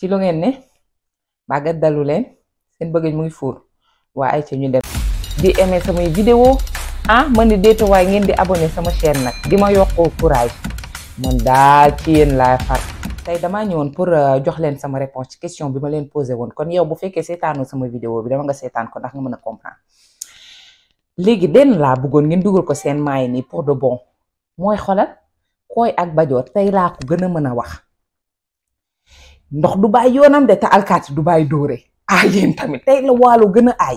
ci lu ngeen ne màggat dalu leen seen bëgg mu ngi fuur waa ay ca ñu dem di aimer samay vidéo ah man ni déeta waay ngeen di abonné sama chaîne nag di ma yokkoo courage man daal ci yéen laa far tey damaa ñëwoon pour euh, jox leen sama réponse ci question bi ma leen posé woon kon yow bu fekkee seetaanoo sama vidéo bi dama nga seetaan ko ndax nga mën a comprendre léegi denn laa bëggoon ngeen dugal ko seen maay nii pour de bon mooy xolal kooy ak bajoor tey ko gën a mën a wax ndox du bàyyi yoonam de te alkaati du bàyyi dóore ah yéen tamit tey la waalo gën a aay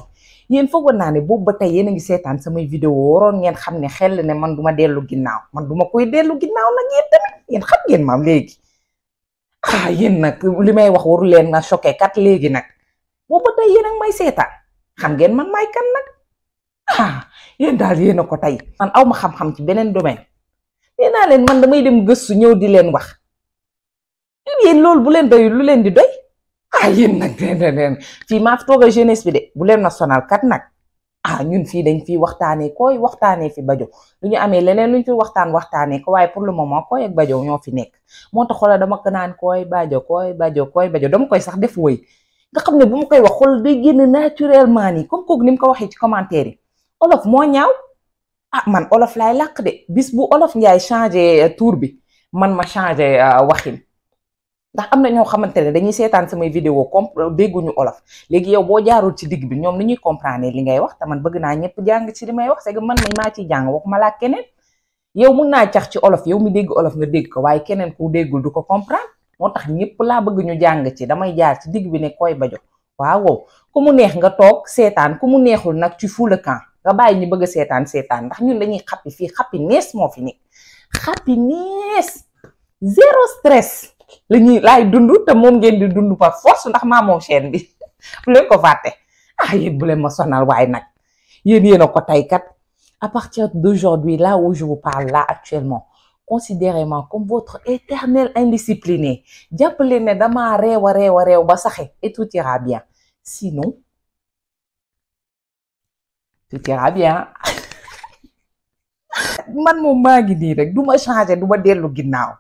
yéen foogoon naa ne boobu ba tey yéen a ngi seetaan samay vidéo waroon ngeen xam ne xel ne man du ma dellu ginnaaw man du ma koy dellu ginnaaw nag yéen tamit yéen ngeen ah, may wax waru leen na choqué kat léegi nag boobu may seetaan xam ngeen man may kan nag ah daal yéen a ko tey man aw ma xam-xam ci beneen domaine nee naa leen man damay dem gëstu ñëw di leen wax. yéen loolu bu leen doyul lu leen di doy ah yéen nag nee fii maa fi toog a jeunesse bi de bu leen national kat nag ah ñun fii dañ fi waxtaanee koy waxtaanee fi bajo lu ñu amee leneen lu ñu fi waxtaan waxtaanee ko waaye le moment koy ak bajo ñoo fi nekk moo tax xoolal dama ko naan koy bajo koy bajo koy bajo dama koy sax def woy nga xam ne bu ma koy wax xol day génn naturellement nii comme kook ni mu ko waxee ci commentaire yi olof moo ñaaw ah man olof laay làkk de bis bu olof njaay changé euh, tour bi man ma changé euh, waxin. ndax am na ñoo xamante ne dañuy seetaan samay vidéo comp dégguñu olof léegi yow boo jaarul ci digg bi ñoom ni ñuy comprendre li ngay wax te man bëgg naa ñëpp jàng ci li may wax c'est man man maa ciy jàng waxuma laa keneen yow mun naa cax ci olof yow mu dégg olof nga dégg ko waaye keneen ku déggul du ko comprendre moo tax ñëpp laa bëgg ñu jàng ci damay jaar ci digg bi ne koy bajo waaw ku mu neex nga toog seetaan ku mu neexul nag ci fous nga bàyyi ñu bëgg a seetaan seetaan ndax ñun dañuy xappi fii xappi nees moo fi nekk xappi li ñuy laay dund te moom ngeen di dund par force ndax maa moom chaîne bi bu leen ko fàtte ah yéen bu leen ma sonal waaye nag yéen yéen ko tey kat à partir d'aujourd'hui là où je vous parle là actuellement considérez-moi comme votre éternel indiscipliné jàppale ne damaa réew a réew ba saxe et tout ira bien sinon man moom maa ngi rek duma ma changer du ma dellu ginnaaw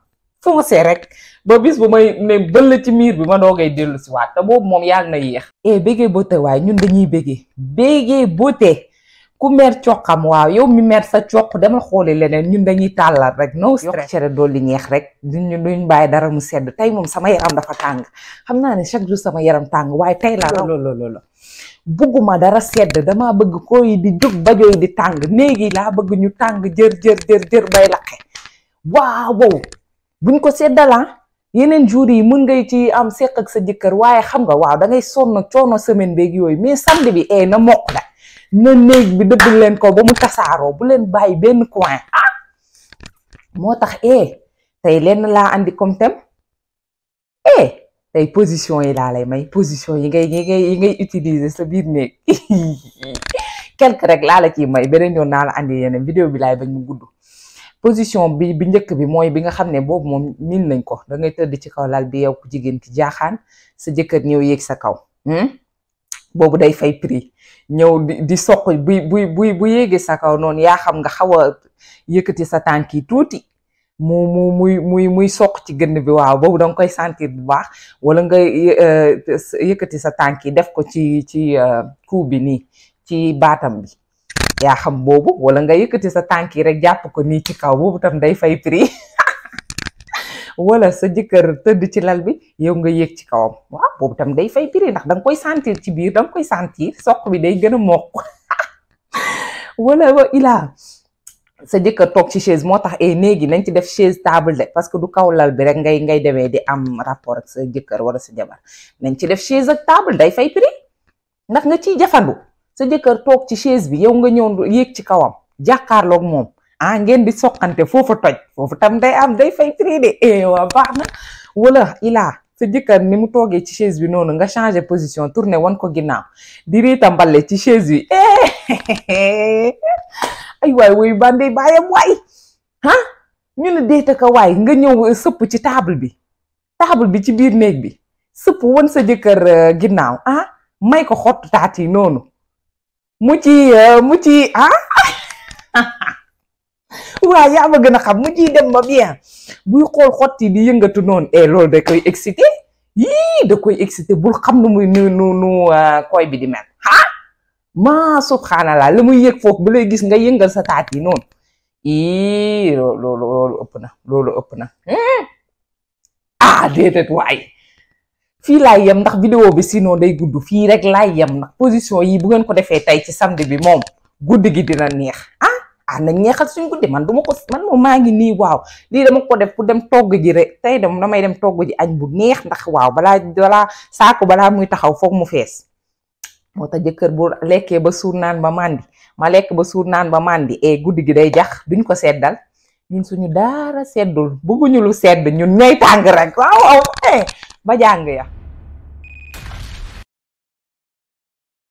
foncé rek ba bis bu may ne bëll ci miir bi ma doogay dellu si waat te boobu moom yàlla na yéex e eh, bégee beauté waaye ñun dañuy bégee bégee beauté ku mer coqam waaw yow mi mer sa coq dama xoole leneen ñun dañuy tàllal rek no stress cere dolli ñeex rek du duñ bàyyi dara mu sedd tey moom sama yaram dafa tàng xam naa ne chaque jour sama yaram tàng waaye tey la loolu loolu bugguma dara sedd dama bëgg koy di jóg bajooy di tàng néegi laa bëgg ñu tàng jër jër jër jër buñ ko seddalan yeneen jours yi mën ngay ci am seq ak sa jëkkër waaye xam nga waaw da ngay sonn coono semaine beeg yooyu mais samedi bi ee eh, na mokk la na néeg bi dëbb leen ko ba mu tasaaroo bu leen bàyyi benn coin ah moo tax ee eh, lenn laa andi comme thème ee eh, tey position yi laa lay may position yi ngay yi ngay utiliser sa biir néeg quelque rek laa la ciy may beneen yoon naa la andi yeneen vidéo bi laay bañ mu gudd position bi bi njëkk bi mooy bi nga xam ne boobu moom miin nañ ko dangay ngay tëdd ci kaw laal bi yow ku jigéen ki jaaxaan sa jëkkër ñëw yéeg sa kaw hmm? boobu day fay prix ñëw di di soq bu buy bu bu yéegee sa kaw noonu yaa xam nga xaw a yëkkati sa tànk yi tuuti mu mu muy muy muy soq ci gënn bi waaw boobu danga koy sentir bu baax wala nga euh, yëkkati sa tànk yi def ko ci ci euh, coup bi nii ci baatam bi yaa xam boobu wala nga yëkkati sa tànk yi rek jàpp ko nii ci kaw boobu tam day fay prix wala sa jëkkër tëdd ci lal bi yow nga yéeg ci kawam waaw boobu tam day fay prix ndax da koy sentir ci biir da nga koy sentir soq bi day gën a mokk wala wa sa jëkkër toog ci chaise moo tax ay eh, néegi nañ ci def chaise table de parce que du kaw lal bi rek ngay ngay demee di am rapport ak sa jëkkër wala sa jabar nañ def chaise ak day fay prix ndax nga ciy jafandu sa jëkkër toog ci chaise bi yow nga ñëw yéeg ci kawam jàkkaarloog moom ah ngeen di soqante foofa toj foofu tam day am day fay tri de eh waa baax wala ilaa sa jëkkër ni mu toogee ci chaise bi noonu nga changé position tourné wan ko ginnaaw di tambale ci chaise bi eh, ay waay woyu bande bàyyam waay ah ñu deeta ka waay nga ñëw eh, sëpp ci table bi table bi ci biir néeg bi sëpp wan sa jëkkër eh, ginnaaw ah may ko xottu taat yi noonu mu ci eh, mu ci ah waa yaa ma gën a xam mu ci dem ba bien buy xool xotti di yëngatu noonu e loolu da koy excité yii da koy excité bul xam nu muy nu nu nu eh, koy bi di mel ah maa subhanallah la muy yëg foofu ba lay gis nga yëngal sa taat yi noonu ii loolu loolu ëpp na loolu ëpp na hmm? ah déedéet waay fii laay yem ndax vidéo bi sinon day gudd fii rek laay yem ndax position yi bu ngeen ko defee tey ci samedi bi moom guddi gi dina neex ah ah nañ neexal suñ guddi man duma ko man moom maa ngi nii waaw lii dama ko def pour dem togg ji rek tey dem damay dem togg ji añ bu neex ndax waaw balaa balaa saako balaa muy taxaw foog mu fees moo tax jëkkër bu lekkee ba suur naan ba màndi ma lekk ba suur naan ba màndi e guddi gi day jax duñ ko seddal ñun suñu daara seddul bëgguñu lu sedd ñun ñooy tàng rek eh. ba jàng ya